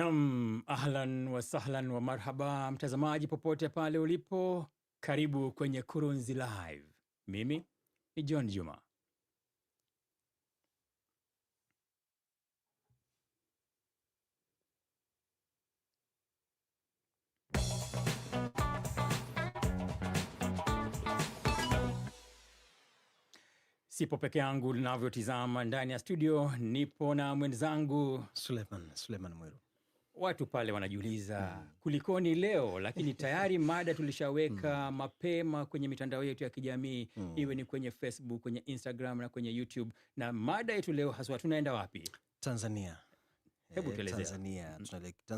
nam ahlan wasahlan wa marhaba, mtazamaji popote pale ulipo, karibu kwenye Kurunzi Live. Mimi ni John Juma. Sipo peke yangu, linavyotizama ndani ya studio nipo na mwenzangu Suleiman Suleiman Mwiru watu pale wanajiuliza mm. kulikoni leo, lakini tayari mada tulishaweka mm. mapema kwenye mitandao yetu ya kijamii mm. iwe ni kwenye Facebook, kwenye Instagram na kwenye YouTube. Na mada yetu leo haswa tunaenda wapi? Tanzania. Hebu eh, tuelezea. Tanzania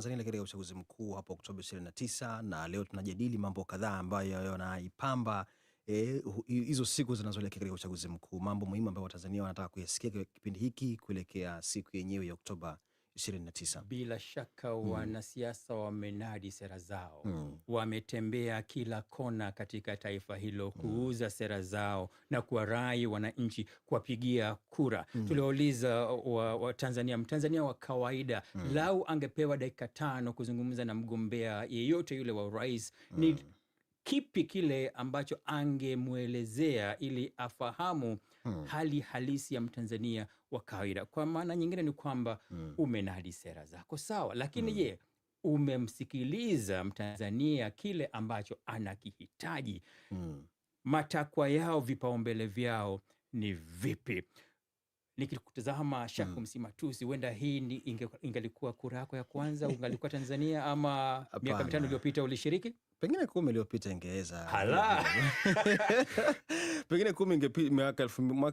inaelekea katika uchaguzi mkuu hapo Oktoba 29 na leo tunajadili mambo kadhaa ambayo yanaipamba eh, hizo e, siku zinazoelekea katika uchaguzi mkuu, mambo muhimu ambayo Watanzania wanataka kuyasikia kipindi hiki kuelekea siku yenyewe ya Oktoba 29. Bila shaka hmm. wanasiasa wamenadi sera zao mm. wametembea kila kona katika taifa hilo hmm. kuuza mm. sera zao na kuwarai wananchi kuwapigia kura mm. tuliwauliza Watanzania wa Mtanzania wa kawaida mm. lau angepewa dakika tano kuzungumza na mgombea yeyote yule wa urais mm. ni hmm kipi kile ambacho angemwelezea ili afahamu hmm. hali halisi ya Mtanzania wa kawaida. Kwa maana nyingine ni kwamba hmm. umenadi sera zako sawa, lakini hmm. je umemsikiliza Mtanzania kile ambacho anakihitaji hmm. matakwa yao, vipaumbele vyao ni vipi? Nikikutazama Shaku hmm. msimatusi huenda hii inge, ingalikuwa kura yako ya kwanza ungalikuwa Tanzania ama miaka mitano iliyopita ulishiriki? pengine kumi iliyopita ingeweza pengine kumi mwaka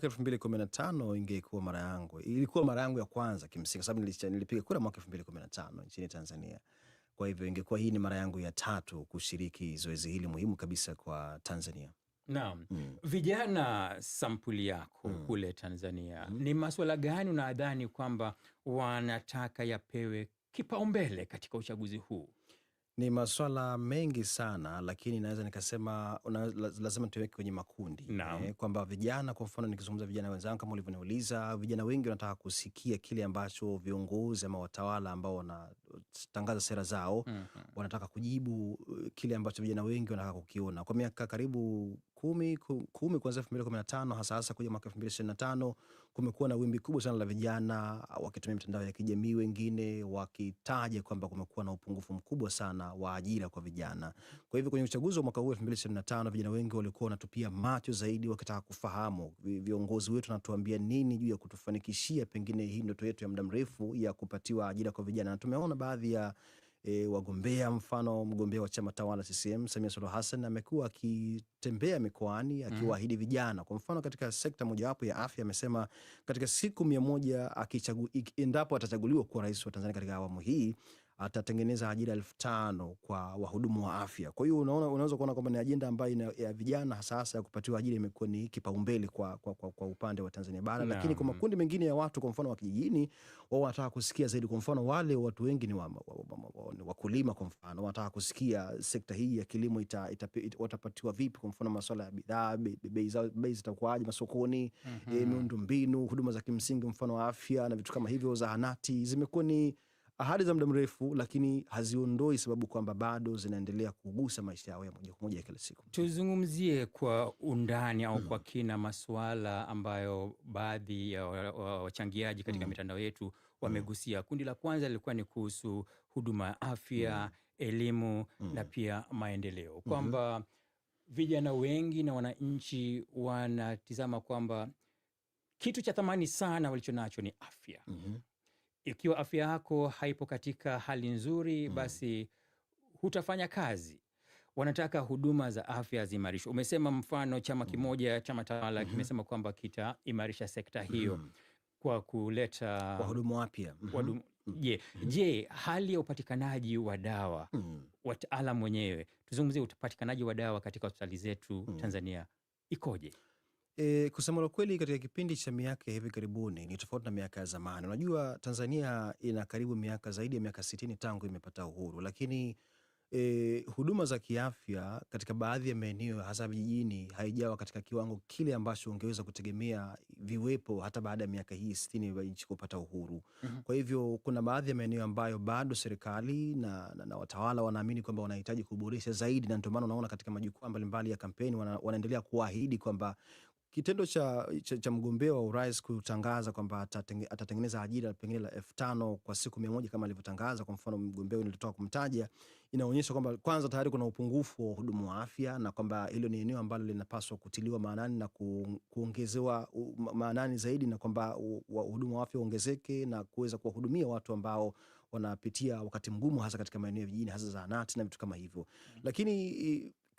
elfu mbili kumi na tano ingekuwa mara yangu, ilikuwa mara yangu ya kwanza kimsingi, kwa sababu nilipiga kura mwaka elfu mbili kumi na tano nchini Tanzania. Kwa hivyo ingekuwa hii ni mara yangu ya tatu kushiriki zoezi hili muhimu kabisa kwa Tanzania. Naam. Mm. Vijana sampuli yako mm. kule Tanzania mm. ni masuala gani unadhani kwamba wanataka yapewe kipaumbele katika uchaguzi huu? Ni maswala mengi sana, lakini naweza nikasema lazima tuweke kwenye makundi eh, kwamba vijana, kwa mfano nikizungumza vijana wenzangu, kama ulivyoniuliza, vijana wengi wanataka kusikia kile ambacho viongozi ama watawala ambao wanatangaza sera zao mm -hmm. wanataka kujibu eh, kile ambacho vijana wengi wanataka kukiona. Kwa miaka karibu kumi, kumi kuanzia elfu mbili kumi na tano hasa hasa kuja mwaka elfu mbili ishirini na tano kumekuwa na wimbi kubwa sana la vijana wakitumia mitandao ya kijamii, wengine wakitaja kwamba kumekuwa na upungufu mkubwa sana wa ajira kwa vijana. Kwa hivyo kwenye uchaguzi wa mwaka huu 2025 vijana wengi walikuwa wanatupia macho zaidi, wakitaka kufahamu viongozi wetu wanatuambia nini juu ya kutufanikishia pengine hii ndoto yetu ya muda mrefu ya kupatiwa ajira kwa vijana, na tumeona baadhi ya e, wagombea. Mfano, mgombea wa chama tawala CCM Samia Suluhu Hassan amekuwa akitembea mikoani mhm. akiwaahidi vijana. Kwa mfano, katika sekta mojawapo ya afya amesema katika siku mia moja endapo atachaguliwa kuwa rais wa Tanzania katika awamu hii atatengeneza ajira elfu tano kwa wahudumu wa afya. Kwa hiyo unaona, unaweza kuona kwamba ni ajenda ambayo ya vijana hasa hasa ya kupatiwa ajira imekuwa ni kipaumbele kwa, kwa, kwa, kwa upande wa Tanzania bara Lakini kwa makundi mengine ya watu, kwa mfano wa kijijini, wao wanataka kusikia zaidi. Kwa mfano wale watu wengi ni wakulima, kwa mfano wanataka kusikia sekta hii ya kilimo ita, ita, ita, watapatiwa vipi, kwa mfano masuala ya bidhaa, bei zitakuwaje masokoni, mhm. eh, mbinu huduma za kimsingi, mfano afya na vitu kama hivyo, zahanati zimekuwa ni ahadi za muda mrefu, lakini haziondoi sababu kwamba bado zinaendelea kugusa maisha yao ya moja kwa moja ya kila siku. Tuzungumzie kwa undani au mm. kwa hmm. kina masuala ambayo baadhi ya wachangiaji katika mm. mitandao yetu hmm. wamegusia. Kundi la kwanza lilikuwa ni kuhusu huduma ya afya mm. elimu mm. na pia maendeleo, hmm. kwamba mm -hmm. vijana wengi na wananchi wanatizama kwamba kitu cha thamani sana walichonacho ni afya mm -hmm ikiwa afya yako haipo katika hali nzuri mm. basi hutafanya kazi. Wanataka huduma za afya ziimarishwe. Umesema mfano chama mm. kimoja, chama tawala mm -hmm. kimesema kwamba kitaimarisha sekta hiyo mm -hmm. kwa kuleta wahudumu wapya mm-hmm. mm -hmm. Je, yeah. mm -hmm. Je, hali ya upatikanaji wa dawa mm -hmm. wataalam wenyewe, tuzungumzie upatikanaji wa dawa katika hospitali zetu mm -hmm. Tanzania ikoje? E, kusema la kweli katika kipindi cha miaka ya hivi karibuni ni tofauti na miaka ya zamani. Unajua Tanzania ina karibu miaka zaidi ya miaka sitini tangu imepata uhuru, lakini e, huduma za kiafya katika baadhi ya maeneo hasa vijijini haijawa katika kiwango kile ambacho ungeweza kutegemea viwepo hata baada ya miaka hii sitini nchi kupata uhuru. mm -hmm. Kwa hivyo kuna baadhi ya maeneo ambayo bado serikali na, na, na watawala wanaamini kwamba wanahitaji kuboresha zaidi, na ndio maana unaona katika majukwaa mbalimbali ya kampeni wana, wanaendelea kuahidi kwamba kitendo cha, cha, cha mgombea wa urais kutangaza kwamba atatengeneza ajira pengine la elfu tano kwa siku mia moja kama alivyotangaza kwa mfano mgombea nilitoka kumtaja, inaonyesha kwamba kwanza tayari kuna upungufu wa wahudumu wa afya na kwamba hilo ni eneo ambalo linapaswa kutiliwa maanani na kuongezewa maanani zaidi, na kwamba wahudumu wa afya waongezeke na kuweza kuwahudumia watu ambao wanapitia wakati mgumu hasa katika maeneo ya vijijini hasa zahanati na vitu kama hivyo, mm. lakini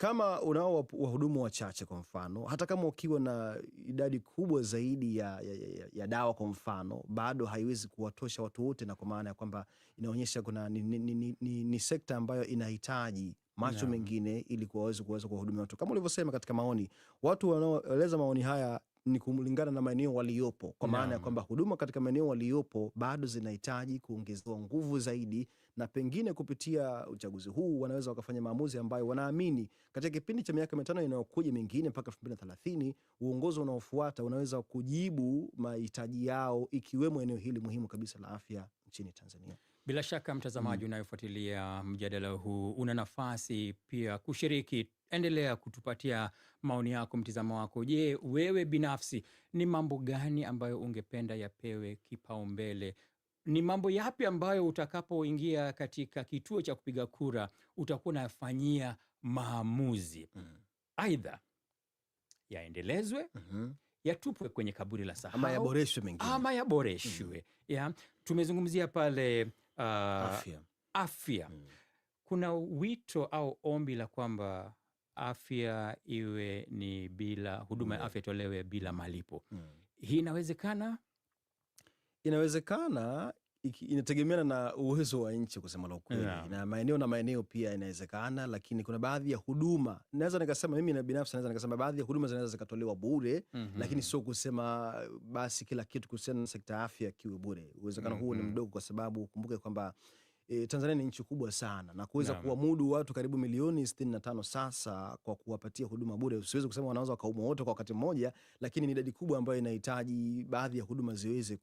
kama unao wahudumu wachache, kwa mfano, hata kama ukiwa na idadi kubwa zaidi ya, ya, ya dawa kwa mfano, bado haiwezi kuwatosha watu wote, na kwa maana ya kwamba inaonyesha kuna ni, ni, ni, ni, ni sekta ambayo inahitaji macho mengine ili kuwaweza kuweza kuwahudumia watu. Kama ulivyosema katika maoni, watu wanaoeleza maoni haya ni kulingana na maeneo waliyopo kwa maana ya kwamba huduma katika maeneo waliyopo bado zinahitaji kuongezewa nguvu zaidi na pengine kupitia uchaguzi huu wanaweza wakafanya maamuzi ambayo wanaamini katika kipindi cha miaka mitano inayokuja mingine mpaka elfu mbili na thelathini uongozi unaofuata unaweza kujibu mahitaji yao ikiwemo eneo hili muhimu kabisa la afya nchini Tanzania. Bila shaka mtazamaji, mm, unayofuatilia mjadala huu una nafasi pia kushiriki. Endelea kutupatia maoni yako, mtizamo wako. Je, wewe binafsi ni mambo gani ambayo ungependa yapewe kipaumbele ni mambo yapi ambayo utakapoingia katika kituo cha kupiga kura utakuwa unafanyia maamuzi? Mm. Aidha mm. yaendelezwe mm -hmm. yatupwe kwenye kaburi la sahau ama yaboreshwe ama yaboreshwe mm. ya tumezungumzia pale uh, afya, afya. Mm. kuna wito au ombi la kwamba afya iwe ni bila huduma ya mm. afya itolewe bila malipo mm. hii inawezekana? Inawezekana inategemeana na uwezo wa nchi kusema la ukweli, Yeah. na maeneo na maeneo pia inawezekana, lakini kuna baadhi ya huduma naweza nikasema mimi na binafsi naweza nikasema baadhi ya huduma zinaweza zikatolewa bure, mhm. lakini sio kusema basi kila kitu kuhusiana na sekta ya afya kiwe bure. Uwezekano mhm. huo ni mhm. mdogo, kwa sababu ukumbuke kwamba e, Tanzania ni nchi kubwa sana na kuweza kuwamudu watu karibu milioni 65 sasa kwa kuwapatia huduma bure. Siwezi kusema wanaweza wakaumwa wote kwa wakati mmoja, lakini ni idadi kubwa ambayo inahitaji baadhi ya huduma ziweze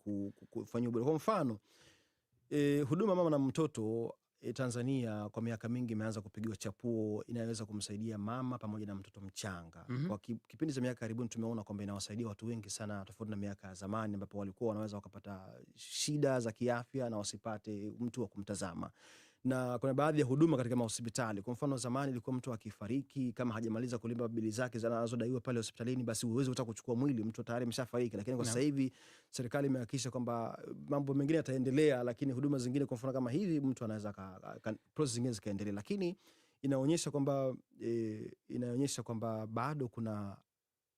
kufanywa bure. Kwa mfano e, huduma mama na mtoto Eh, Tanzania kwa miaka mingi imeanza kupigiwa chapuo inayoweza kumsaidia mama pamoja na mtoto mchanga. Mm -hmm. Kwa kipindi cha miaka karibuni tumeona kwamba inawasaidia watu wengi sana, tofauti na miaka ya zamani ambapo walikuwa wanaweza wakapata shida za kiafya na wasipate mtu wa kumtazama na kuna baadhi ya huduma katika mahospitali. Kwa mfano, zamani ilikuwa mtu akifariki kama hajamaliza kulipa bili zake zinazodaiwa pale hospitalini, basi huwezi utaka kuchukua mwili, mtu tayari ameshafariki. Lakini kwa sasa hivi serikali imehakikisha kwamba mambo mengine yataendelea, lakini huduma zingine, kwa mfano kama hivi, mtu anaweza process zingine zikaendelea, lakini inaonyesha kwamba e, inaonyesha kwamba bado kuna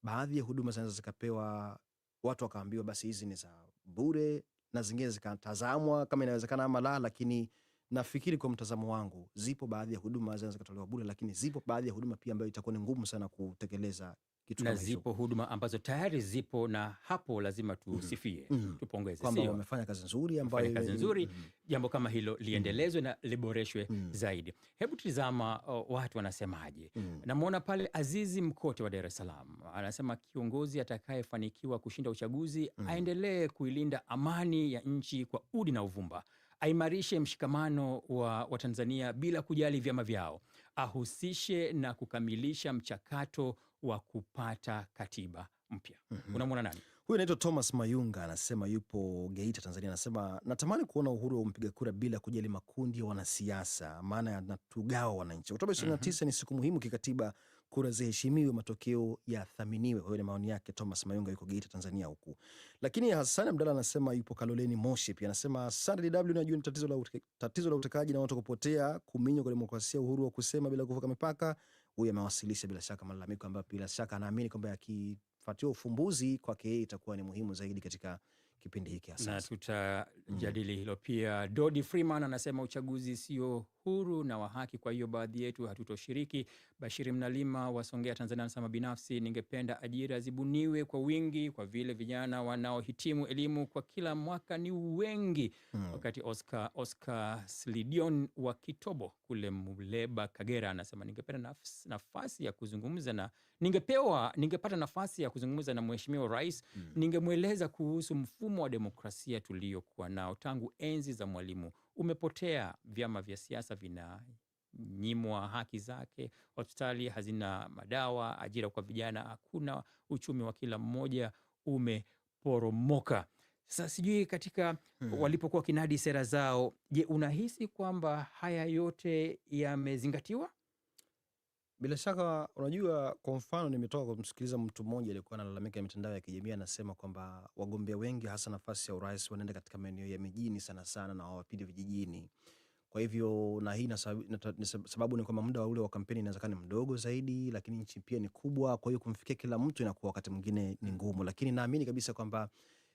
baadhi ya huduma zinaweza zikapewa watu wakaambiwa basi hizi ni za bure na zingine zikatazamwa kama inawezekana ama la, lakini nafikiri kwa mtazamo wangu, zipo baadhi ya huduma zinaweza kutolewa bure, lakini zipo baadhi ya huduma pia ambayo itakuwa ni ngumu sana kutekeleza kitu na zipo huduma ambazo tayari zipo na hapo lazima mm-hmm. tusifie, mm -hmm. tupongeze kwamba wamefanya kazi nzuri ambayo kazi nzuri mm -hmm. jambo kama hilo liendelezwe mm -hmm. na liboreshwe mm -hmm. zaidi. Hebu tizama uh, watu wanasemaje? mm -hmm. Namwona pale Azizi Mkote wa Dar es Salaam anasema kiongozi atakayefanikiwa kushinda uchaguzi mm -hmm. aendelee kuilinda amani ya nchi kwa udi na uvumba aimarishe mshikamano wa Watanzania bila kujali vyama vyao, ahusishe na kukamilisha mchakato wa kupata katiba mpya. mm -hmm. Unamwona nani huyu? Anaitwa Thomas Mayunga, anasema yupo Geita, Tanzania. Anasema natamani kuona uhuru wa mpiga kura bila kujali makundi ya wanasiasa, maana yanatugawa wananchi. Oktoba 29 mm -hmm. ni siku muhimu kikatiba kura ziheshimiwe, matokeo yathaminiwe. Kwa hiyo ni maoni yake Thomas Mayunga, yuko Geita, Tanzania huku. Lakini Hassan Abdalla anasema yupo Kaloleni Moshi, pia anasema asante DW, najua ni tatizo la utekaji, tatizo la utekaji na watu kupotea, kuminywa kwa demokrasia, uhuru wa kusema bila kuvuka mipaka. Huyu amewasilisha bila shaka malalamiko ambayo bila shaka anaamini kwamba yakifuatiwa ufumbuzi kwake yeye itakuwa ni muhimu zaidi katika kipindi hiki, na tutajadili mm -hmm. hilo pia. Dodi Freeman anasema uchaguzi sio huru na wa haki, kwa hiyo baadhi yetu hatutoshiriki. Bashiri Mnalima wasongea Tanzania, anasema binafsi, ningependa ajira zibuniwe kwa wingi kwa vile vijana wanaohitimu elimu kwa kila mwaka ni wengi hmm. Wakati Oscar, Oscar Slidion wa Kitobo kule Muleba, Kagera, anasema ningependa nafasi ya kuzungumza na ningepewa ningepata nafasi ya kuzungumza na Mheshimiwa Rais hmm. Ningemweleza kuhusu mfumo wa demokrasia tuliokuwa nao tangu enzi za Mwalimu umepotea. Vyama vya siasa vinanyimwa haki zake, hospitali hazina madawa, ajira kwa vijana hakuna, uchumi wa kila mmoja umeporomoka. Sasa sijui katika hmm, walipokuwa kinadi sera zao, je, unahisi kwamba haya yote yamezingatiwa? Bila shaka unajua, kwa mfano nimetoka kumsikiliza mtu mmoja aliyekuwa analalamika ya mitandao ya kijamii, anasema kwamba wagombea wengi hasa nafasi ya urais wanaenda katika maeneo ya mijini sana sana na hawapiti vijijini. Kwa hivyo na hii ni sababu ni kwamba muda wa ule wa kampeni inawezekana ni mdogo zaidi, lakini nchi pia ni kubwa, kwa hiyo kumfikia kila mtu inakuwa wakati mwingine ni ngumu, lakini naamini kabisa kwamba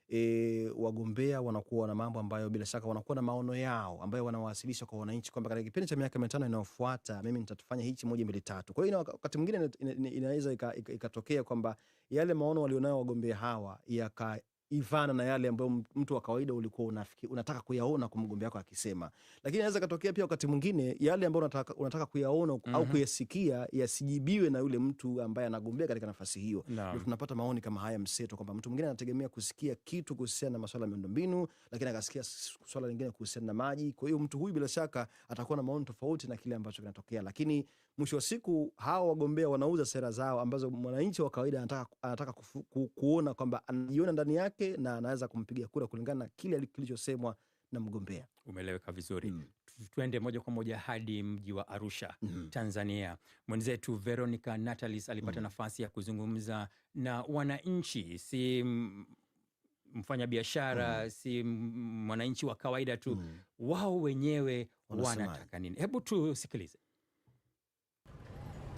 e, wagombea wanakuwa na mambo ambayo bila shaka wanakuwa na maono yao ambayo wanawasilisha kwa wananchi kwamba katika kipindi cha miaka mitano inayofuata mimi nitatufanya hichi moja mbili tatu. Kwa hiyo wakati mwingine inaweza ikatokea kwamba yale maono walionayo wagombea hawa yaka ivana na yale ambayo mtu wa kawaida ulikuwa unafiki, unataka kuyaona kwa mgombea wako akisema, lakini inaweza katokea pia wakati mwingine yale ambayo unataka, unataka kuyaona mm -hmm. au mhm. kuyasikia yasijibiwe na yule mtu ambaye anagombea katika nafasi hiyo no. Tunapata maoni kama haya mseto, kwamba mtu mwingine anategemea kusikia kitu kuhusiana na masuala ya miundombinu, lakini akasikia swala lingine kuhusiana na maji. Kwa hiyo mtu huyu bila shaka atakuwa na maoni tofauti na kile ambacho kinatokea, lakini mwisho wa siku hawa wagombea wanauza sera zao ambazo mwananchi wa kawaida anataka, anataka kufu, ku, kuona kwamba anajiona ndani yake na anaweza kumpiga kura kulingana na kile kilichosemwa na mgombea. Umeeleweka vizuri mm. Tuende moja kwa moja hadi mji wa Arusha mm. Tanzania. Mwenzetu Veronica Natalis alipata mm. nafasi ya kuzungumza na wananchi, si mfanyabiashara mm. si mwananchi wa kawaida tu mm. wao wenyewe wanataka nini? Hebu tusikilize.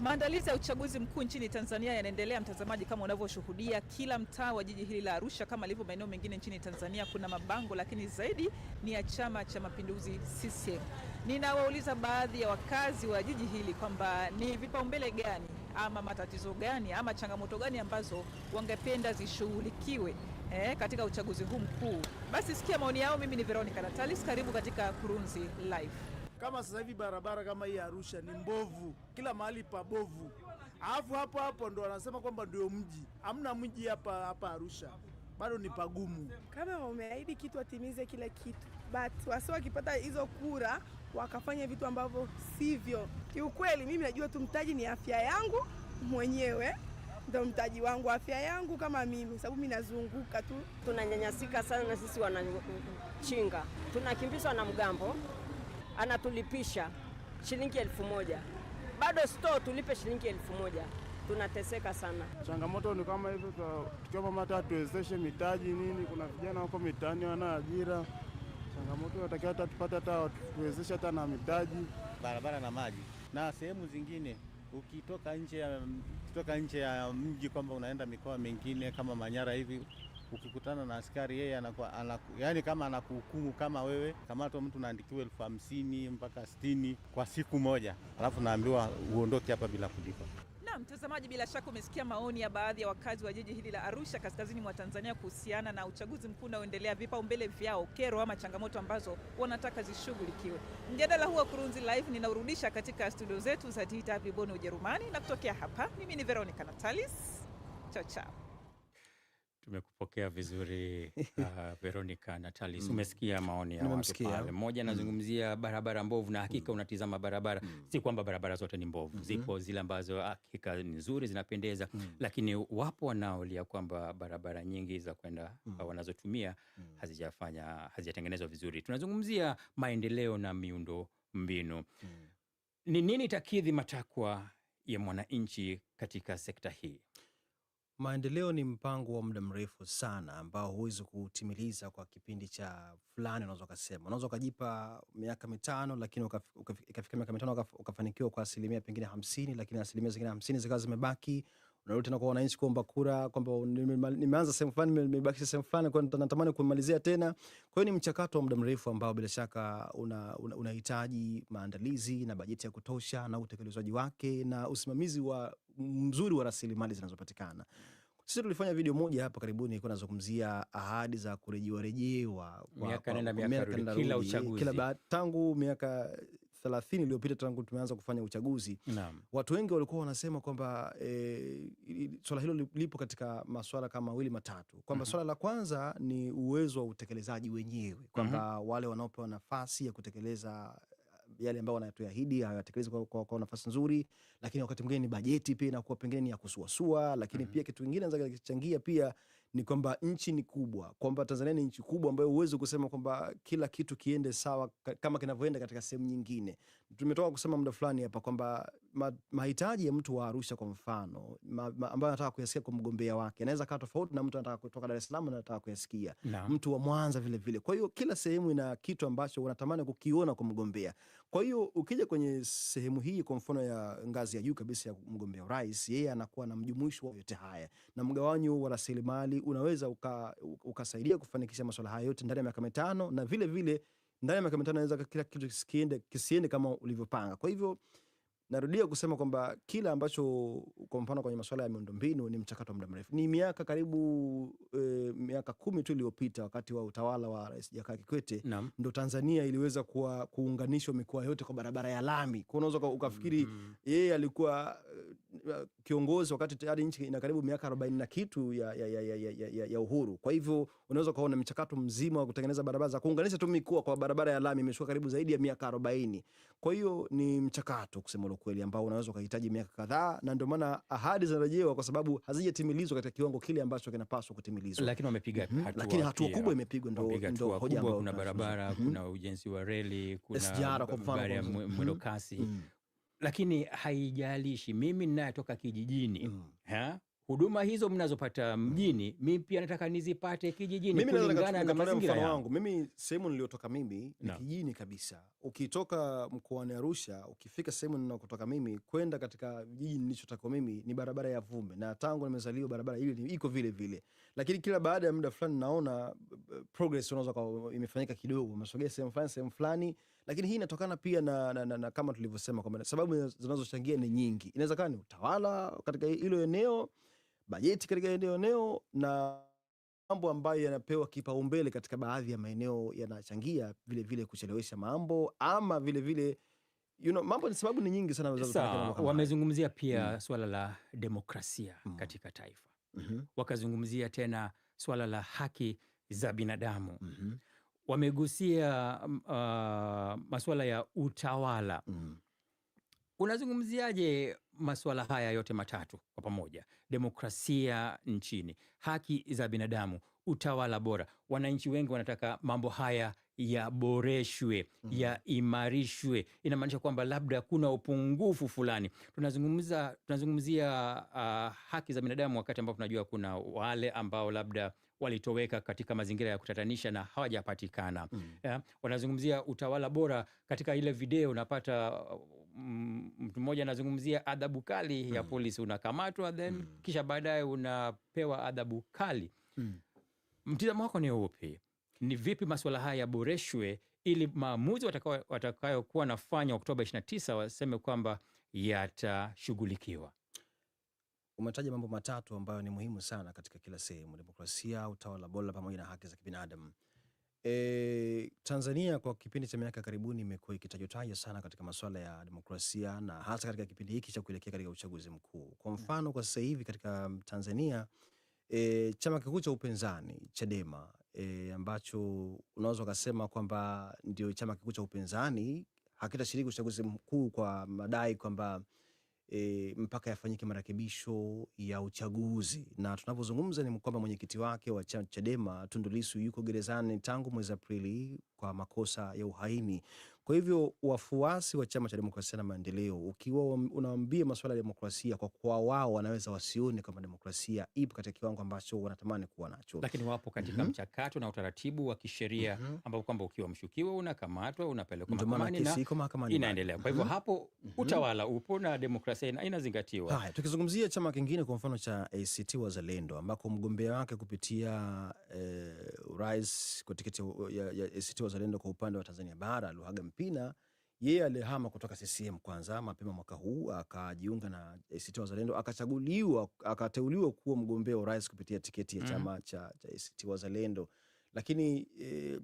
Maandalizi ya uchaguzi mkuu nchini Tanzania yanaendelea, mtazamaji, kama unavyoshuhudia kila mtaa wa jiji hili la Arusha, kama ilivyo maeneo mengine nchini Tanzania, kuna mabango, lakini zaidi ni ya Chama cha Mapinduzi, CCM. Ninawauliza baadhi ya wakazi wa jiji hili kwamba ni vipaumbele gani ama matatizo gani ama changamoto gani ambazo wangependa zishughulikiwe eh, katika uchaguzi huu mkuu. Basi sikia maoni yao. Mimi ni Veronica Natalis, karibu katika Kurunzi Live. Kama sasa hivi barabara kama hii Arusha ni mbovu, kila mahali pabovu, alafu hapo hapo ndo wanasema kwamba ndio mji. Hamna mji hapa hapa Arusha, bado ni pagumu. Kama wameahidi kitu watimize kile kitu, but wasi wakipata hizo kura wakafanya vitu ambavyo sivyo. Kiukweli mimi najua tu mtaji ni afya yangu mwenyewe ndo mtaji wangu, afya yangu kama mimi, sababu mimi nazunguka tu. Tunanyanyasika sana sisi wanachinga, tunakimbizwa na mgambo anatulipisha shilingi elfu moja bado store tulipe shilingi elfu moja tunateseka sana. Changamoto ni kama hivyo, tukiwa mata tuwezeshe mitaji nini, kuna vijana huko mitaani wana ajira. Changamoto natakiwa hata tupate hata tuwezeshe hata na mitaji, barabara na maji na sehemu zingine. Ukitoka nje ya kutoka nje ya mji kwamba unaenda mikoa mingine kama Manyara hivi ukikutana na askari yeye anakuwa anaku, yani kama anakuhukumu kama wewe kamatwa mtu naandikiwa elfu hamsini mpaka sitini kwa siku moja, alafu naambiwa uondoke hapa bila kulipa. Na mtazamaji, bila shaka umesikia maoni ya baadhi ya wakazi wa jiji hili la Arusha kaskazini mwa Tanzania kuhusiana na uchaguzi mkuu unaoendelea, vipaumbele vyao, kero ama changamoto ambazo wanataka zishughulikiwe. Mjadala huu wa Kurunzi Live ninaurudisha katika studio zetu za DW Bonn, Ujerumani, na kutokea hapa mimi ni Veronica Natalis, chao chao. Tumekupokea vizuri uh, Veronica Natalis mm. Umesikia maoni ya watu pale, mmoja anazungumzia mm. barabara mbovu, na hakika mm. unatizama barabara mm. si kwamba barabara zote ni mbovu mm -hmm. Zipo zile ambazo hakika ni nzuri zinapendeza mm. lakini wapo wanaolia kwamba barabara nyingi za kwenda mm. Ah, wanazotumia mm. hazijafanya hazijatengenezwa vizuri. Tunazungumzia maendeleo na miundo mbinu mm. ni nini takidhi matakwa ya mwananchi katika sekta hii? Maendeleo ni mpango wa muda mrefu sana ambao huwezi kutimiliza kwa kipindi cha fulani unaweza ukasema. Unaweza ukajipa miaka mitano lakini ikafika miaka mitano ukafanikiwa kwa asilimia pengine hamsini lakini asilimia zingine hamsini zikawa zimebaki. Unarudi tena kwa wananchi kuomba kura kwamba nimeanza sehemu fulani nimebakisha sehemu fulani natamani kumalizia tena. Kwa hiyo ni mchakato wa muda mrefu ambao bila shaka una, una, unahitaji maandalizi na bajeti ya kutosha na utekelezaji wake na usimamizi wa mzuri wa rasilimali zinazopatikana. Sisi tulifanya video moja hapa karibuni ilikuwa inazungumzia ahadi za kurejewa rejewa miaka kila uchaguzi, kila tangu miaka thelathini iliyopita tangu tumeanza kufanya uchaguzi. Naam. Watu wengi walikuwa wanasema kwamba e, swala hilo lipo katika maswala kama mawili matatu, kwamba mm -hmm. swala la kwanza ni uwezo wa utekelezaji wenyewe kwamba mm -hmm. wale wanaopewa nafasi ya kutekeleza yale ambayo wanatuahidi hayatekelezi kwa, kwa, kwa nafasi nzuri, lakini wakati mwingine ni bajeti pia inakuwa pengine ni ya kusuasua, lakini mm -hmm. pia kitu kingine naweza kichangia pia ni kwamba nchi ni kubwa, kwamba Tanzania ni nchi kubwa ambayo huwezi kusema kwamba kila kitu kiende sawa kama kinavyoenda katika sehemu nyingine. Tumetoka kusema muda fulani hapa kwamba ma, mahitaji ya mtu wa Arusha kwa mfano ma, ma, ambayo anataka kuyasikia kwa mgombea wake anaweza kawa tofauti na mtu anataka kutoka Dar es Salaam na anataka kuyasikia na mtu wa Mwanza vile vile. Kwa hiyo kila sehemu ina kitu ambacho unatamani kukiona kwa mgombea. Kwa hiyo ukija kwenye sehemu hii kwa mfano ya ngazi ya juu kabisa ya mgombea urais, yeye anakuwa na mjumuisho wa yote haya, na mgawanyo wa rasilimali unaweza ukasaidia uka kufanikisha masuala haya yote ndani ya miaka mitano, na vile vile ndani ya miaka mitano anaweza kila kitu kisiende kama ulivyopanga. Kwa hivyo narudia kusema kwamba kila ambacho kwa mfano kwenye masuala ya miundombinu ni mchakato wa muda mrefu. Ni miaka karibu e, miaka kumi tu iliyopita wakati wa utawala wa Rais Jakaya Kikwete ndo Tanzania iliweza kuwa kuunganishwa mikoa yote kwa barabara ya lami. Kwa unaweza ukafikiri mm -hmm. yeye alikuwa Uh, kiongozi wakati tayari nchi ina karibu miaka arobaini na kitu ya, ya, ya, ya, ya, ya uhuru. Kwa hivyo unaweza ukaona mchakato mzima wa kutengeneza barabara za kuunganisha tu mikoa kwa barabara ya lami imechukua karibu zaidi ya miaka arobaini. Kwa hiyo ni mchakato kusema kweli, ambao unaweza ukahitaji miaka kadhaa, na ndio maana ahadi zinarejewa kwa sababu hazijatimilizwa katika kiwango kile ambacho kinapaswa kutimilizwa, lakini wamepiga mm -hmm. hatua, lakini hatua kubwa imepigwa, ndio ndio hoja ambayo kuna barabara, mhm. kuna ujenzi wa reli, kuna SGR kwa mfano, mwendo kasi mhm lakini haijalishi mimi ninayetoka kijijini mm. ha? huduma hizo mnazopata mjini mm. mi pia nataka nizipate kijijini kulingana na mazingira yangu. Mimi sehemu niliyotoka mimi ni no. kijijini kabisa. Ukitoka mkoani Arusha, ukifika sehemu ninakotoka mimi kwenda katika jiji nilichotaka mimi ni barabara ya vumbi, na tangu nimezaliwa barabara ile iko vile vile, lakini kila baada ya muda fulani naona eh, progress unaweza imefanyika kidogo, umesogea sehemu fulani sehemu fulani lakini hii inatokana pia na, na, na, na kama tulivyosema kwamba sababu zinazochangia ni nyingi. Inaweza kuwa ni utawala katika hilo eneo, bajeti katika eneo eneo, na mambo ambayo yanapewa kipaumbele katika baadhi ya maeneo yanachangia vile vile kuchelewesha mambo ama vile vile You know, mambo ni sababu ni nyingi sana wamezungumzia pia mm. swala la demokrasia mm. katika taifa mm -hmm. wakazungumzia tena swala la haki za binadamu mm -hmm wamegusia uh, mm, ah, masuala ya utawala mm. Unazungumziaje masuala haya yote matatu kwa pamoja? Demokrasia nchini, haki za binadamu, utawala bora. Wananchi wengi wanataka mambo haya yaboreshwe, mm yaimarishwe. Inamaanisha kwamba labda kuna upungufu fulani. Tunazungumza tunazungumzia uh, haki za binadamu wakati ambao tunajua kuna wale ambao labda walitoweka katika mazingira ya kutatanisha na hawajapatikana. Mm. Yeah, wanazungumzia utawala bora. Katika ile video unapata mm, mtu mmoja anazungumzia adhabu kali mm. ya polisi, unakamatwa then mm. kisha baadaye unapewa adhabu kali mm. Mtizamo wako ni upi? Ni vipi masuala haya yaboreshwe ili maamuzi watakayokuwa wanafanya Oktoba 29 waseme kwamba yatashughulikiwa? Umetaja mambo matatu ambayo ni muhimu sana katika kila sehemu: demokrasia, utawala bora pamoja na haki za kibinadamu. E, Tanzania kwa kipindi cha miaka karibuni imekuwa ikitajotaja sana katika masuala ya demokrasia na hasa katika kipindi hiki cha kuelekea katika uchaguzi mkuu. Kwa hmm. mfano, kwa sasa hivi katika Tanzania e, chama kikuu cha upinzani Chadema e, ambacho unaweza ukasema kwamba ndio chama kikuu cha upinzani hakitashiriki uchaguzi mkuu kwa madai kwamba e, mpaka yafanyike marekebisho ya uchaguzi. Na tunavyozungumza ni kwamba mwenyekiti wake wa Chadema Tundu Lissu yuko gerezani tangu mwezi Aprili kwa makosa ya uhaini. Kwa hivyo wafuasi wa chama cha demokrasia na maendeleo, ukiwa unawaambia masuala ya demokrasia, kwa kuwa wao wanaweza wasione kama demokrasia ipo katika kiwango ambacho wanatamani kuwa nacho, lakini wapo katika mm -hmm. mchakato na utaratibu wa kisheria mm -hmm. ambapo kwamba ukiwa mshukiwa unakamatwa, unapelekwa mahakamani na inaendelea. Kwa hivyo mhm. hapo mm -hmm. utawala upo na demokrasia ina, inazingatiwa. Haya, tukizungumzia chama kingine kwa mfano cha ACT Wazalendo ambako mgombea wake kupitia eh, urais kwa tiketi ya, ya ACT Wazalendo kwa upande wa Tanzania bara Luhaga Mpina yeye alihama kutoka CCM kwanza mapema mwaka huu akajiunga na ACT Wazalendo akachaguliwa akateuliwa kuwa mgombea wa urais kupitia tiketi ya mm-hmm. chama mm. cha, cha ACT Wazalendo, lakini e,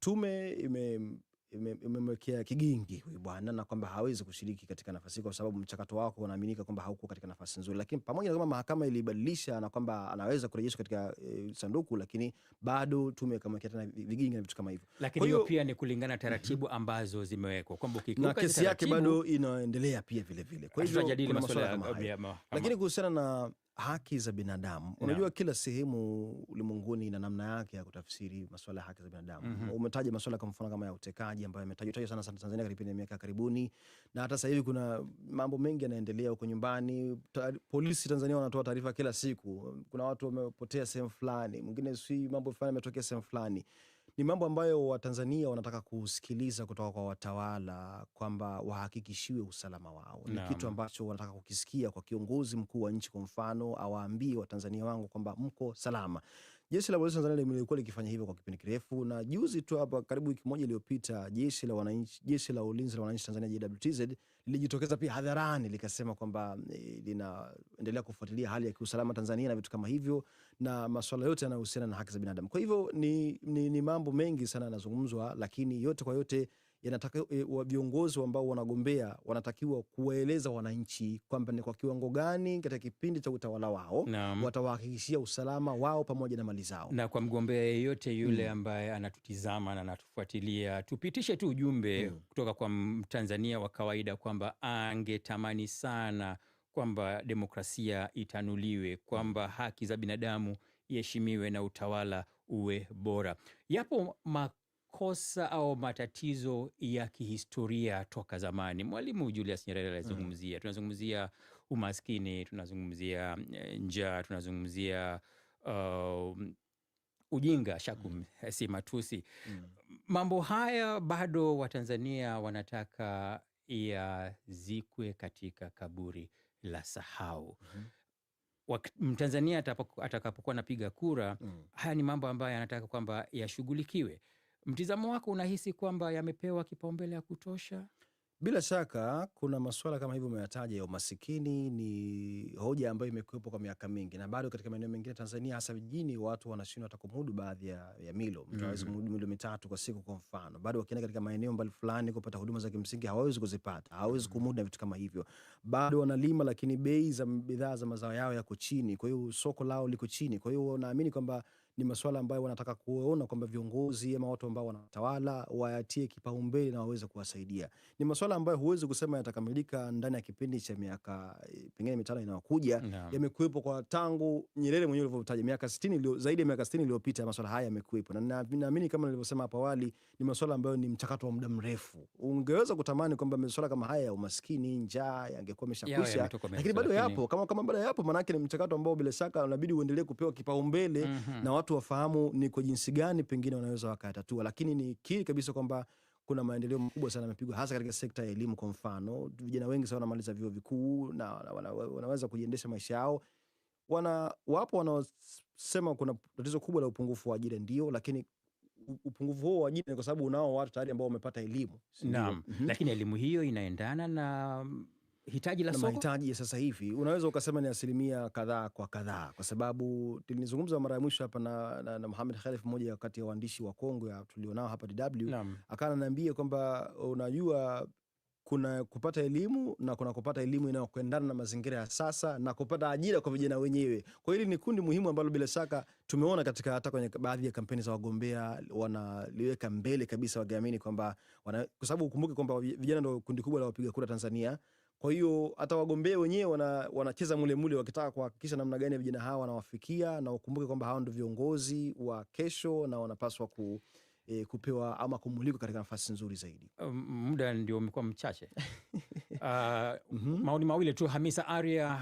tume ime imemwekea kigingi huyu bwana na kwamba hawezi kushiriki katika nafasi kwa sababu mchakato wako unaaminika kwamba hauko katika nafasi nzuri. Lakini pamoja na kwamba mahakama ilibadilisha na kwamba anaweza kurejeshwa katika e, sanduku, lakini bado tume ikamwekea tena vigingi na vitu kama hivyo. Lakini hiyo pia ni kulingana taratibu ambazo zimewekwa kwamba ukikiuka na kesi yake bado inaendelea pia vile vile. Kwa hivyo tunajadili masuala kama haya, lakini kuhusiana na haki za binadamu unajua, yeah. Kila sehemu ulimwenguni ina namna yake ya kutafsiri masuala ya haki za binadamu mm -hmm. Umetaja masuala kwa mfano kama ya utekaji ambayo yametajwa tajwa sana sana Tanzania katika miaka ya karibuni, na hata sasa hivi kuna mambo mengi yanaendelea huko nyumbani. Polisi Tanzania wanatoa taarifa kila siku, kuna watu wamepotea sehemu fulani, mwingine si mambo fulani yametokea sehemu fulani ni mambo ambayo Watanzania wanataka kusikiliza kutoka kwa watawala kwamba wahakikishiwe usalama wao. Ni kitu ambacho wanataka kukisikia kwa kiongozi mkuu wa nchi, kwa mfano awaambie Watanzania wangu kwamba mko salama. Jeshi la Polisi Tanzania limekuwa likifanya hivyo kwa kipindi kirefu, na juzi tu hapa karibu wiki moja iliyopita, jeshi la wananchi, jeshi la ulinzi la wananchi Tanzania JWTZ lilijitokeza pia hadharani likasema kwamba e, linaendelea kufuatilia hali ya kiusalama Tanzania na vitu kama hivyo na masuala yote yanayohusiana na haki za binadamu. Kwa hivyo ni, ni, ni mambo mengi sana yanazungumzwa, lakini yote kwa yote yanataka e, viongozi ambao wanagombea wanatakiwa kuwaeleza wananchi kwamba ni kwa kiwango gani katika kipindi cha utawala wao watawahakikishia usalama wao pamoja na mali zao. Na kwa mgombea yeyote yule mm. ambaye anatutizama na anatufuatilia, tupitishe tu ujumbe mm. kutoka kwa Mtanzania wa kawaida kwamba angetamani sana kwamba demokrasia itanuliwe, kwamba haki za binadamu iheshimiwe na utawala uwe bora. Yapo ma makosa au matatizo ya kihistoria toka zamani. Mwalimu Julius Nyerere alizungumzia mm. tunazungumzia umaskini, tunazungumzia eh, njaa, tunazungumzia uh, ujinga shaku mm. Eh, si matusi mm. Mambo haya bado Watanzania wanataka yazikwe katika kaburi la sahau mm -hmm. Mtanzania atakapokuwa anapiga kura mm. haya ni mambo ambayo anataka kwamba yashughulikiwe mtizamo wako, unahisi kwamba yamepewa kipaumbele ya kutosha? Bila shaka kuna masuala kama hivyo umeyataja ya umasikini, ni hoja ambayo imekuwepo kwa miaka mingi, na bado katika maeneo mengine Tanzania, hasa vijijini, watu wanashindwa hata kumudu baadhi ya, ya milo. Mtu hawezi mm -hmm. kumudu milo mitatu kwa siku, kwa mfano. Bado wakienda katika maeneo mbali fulani kupata huduma za kimsingi hawawezi kuzipata, hawawezi mhm. kumudu na vitu kama hivyo. Bado wanalima, lakini bei za bidhaa za mazao yao yako chini, kwa hiyo soko lao liko chini, kwa hiyo naamini kwamba ni masuala ambayo wanataka kuona kwamba viongozi ama watu ambao wanatawala wayatie kipaumbele na waweze kuwasaidia. Ni masuala ambayo huwezi kusema yatakamilika ndani ya kipindi cha miaka eh, pengine mitano inayokuja. No. Yamekuwepo kwa tangu Nyerere mwenyewe alivyotaja miaka 60 zaidi ya miaka sitini iliyopita, masuala haya yamekuwepo, na naamini kama nilivyosema hapo awali, ni masuala ambayo ni mchakato wa muda mrefu. Ungeweza kutamani kwamba masuala kama haya ya umaskini, njaa yangekuwa yameshakwisha ya, lakini bado yapo. Kama kama bado yapo, maanake ni mchakato ambao bila shaka unabidi uendelee kupewa kipaumbele mm -hmm. na watu watu wafahamu ni kwa jinsi gani pengine wanaweza wakayatatua, lakini ni kiri kabisa kwamba kuna maendeleo makubwa sana yamepigwa hasa katika sekta ya elimu. Kwa mfano, vijana wengi sana wanamaliza vyuo vikuu na wanaweza kujiendesha maisha yao. Wana, wapo wanaosema kuna tatizo kubwa la upungufu wa ajira, ndio, lakini upungufu huo wa ajira ni kwa sababu unao watu tayari ambao wamepata elimu. Naam, mm -hmm. Lakini elimu hiyo inaendana na hitaji la soko, mahitaji ya sasa hivi, unaweza ukasema ni asilimia kadhaa kwa kadhaa, kwa sababu nilizungumza mara ya mwisho hapa na, na, na Mohamed Khalif, mmoja kati ya waandishi wa Kongo tulionao hapa DW, akawa ananiambia kwamba unajua kuna kupata elimu na kuna kupata elimu inayokuendana na mazingira ya sasa na kupata ajira kwa vijana wenyewe. Kwa hili ni kundi muhimu ambalo bila shaka tumeona katika hata kwenye baadhi ya kampeni za wagombea wanaliweka mbele kabisa, wakiamini kwamba, kwa sababu ukumbuke kwamba vijana ndio kundi kubwa la wapiga kura Tanzania kwa hiyo hata wagombea wenyewe wana, wanacheza mule mule wakitaka kuhakikisha namna gani vijana hawa wanawafikia, na ukumbuke kwamba hawa ndio viongozi wa kesho na wanapaswa ku, e, kupewa ama kumulikwa katika nafasi nzuri zaidi. Um, muda ndio umekuwa mchache. Uh, mhm. maoni mawili tu. Hamisa Aria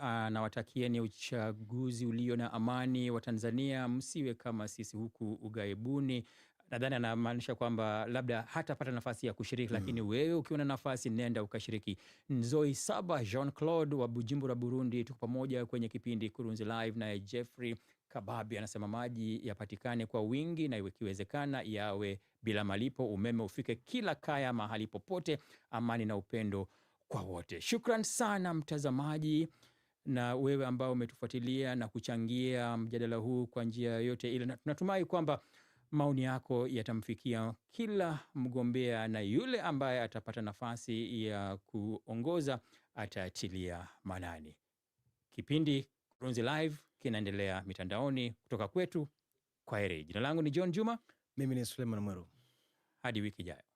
anawatakieni uchaguzi ulio na amani. wa tanzania msiwe kama sisi huku ughaibuni nadhani anamaanisha kwamba labda hatapata nafasi ya kushiriki mm. Lakini wewe ukiwa na nafasi nenda ukashiriki. Nzoi Saba Jean Claude wa Bujumbura, Burundi, tuko pamoja kwenye kipindi Kurunzi Live, naye Jeffrey Kababi anasema maji yapatikane kwa wingi na ikiwezekana yawe bila malipo, umeme ufike kila kaya mahali popote, amani na upendo kwa wote. Shukran sana mtazamaji na wewe ambao umetufuatilia na kuchangia mjadala huu kwa njia yoyote ile, na tunatumai kwamba maoni yako yatamfikia kila mgombea na yule ambaye atapata nafasi ya kuongoza atatilia manani Kipindi Kurunzi Live kinaendelea mitandaoni kutoka kwetu. Kwa heri. Jina langu ni John Juma, mimi ni Suleiman Mweru, hadi wiki ijayo.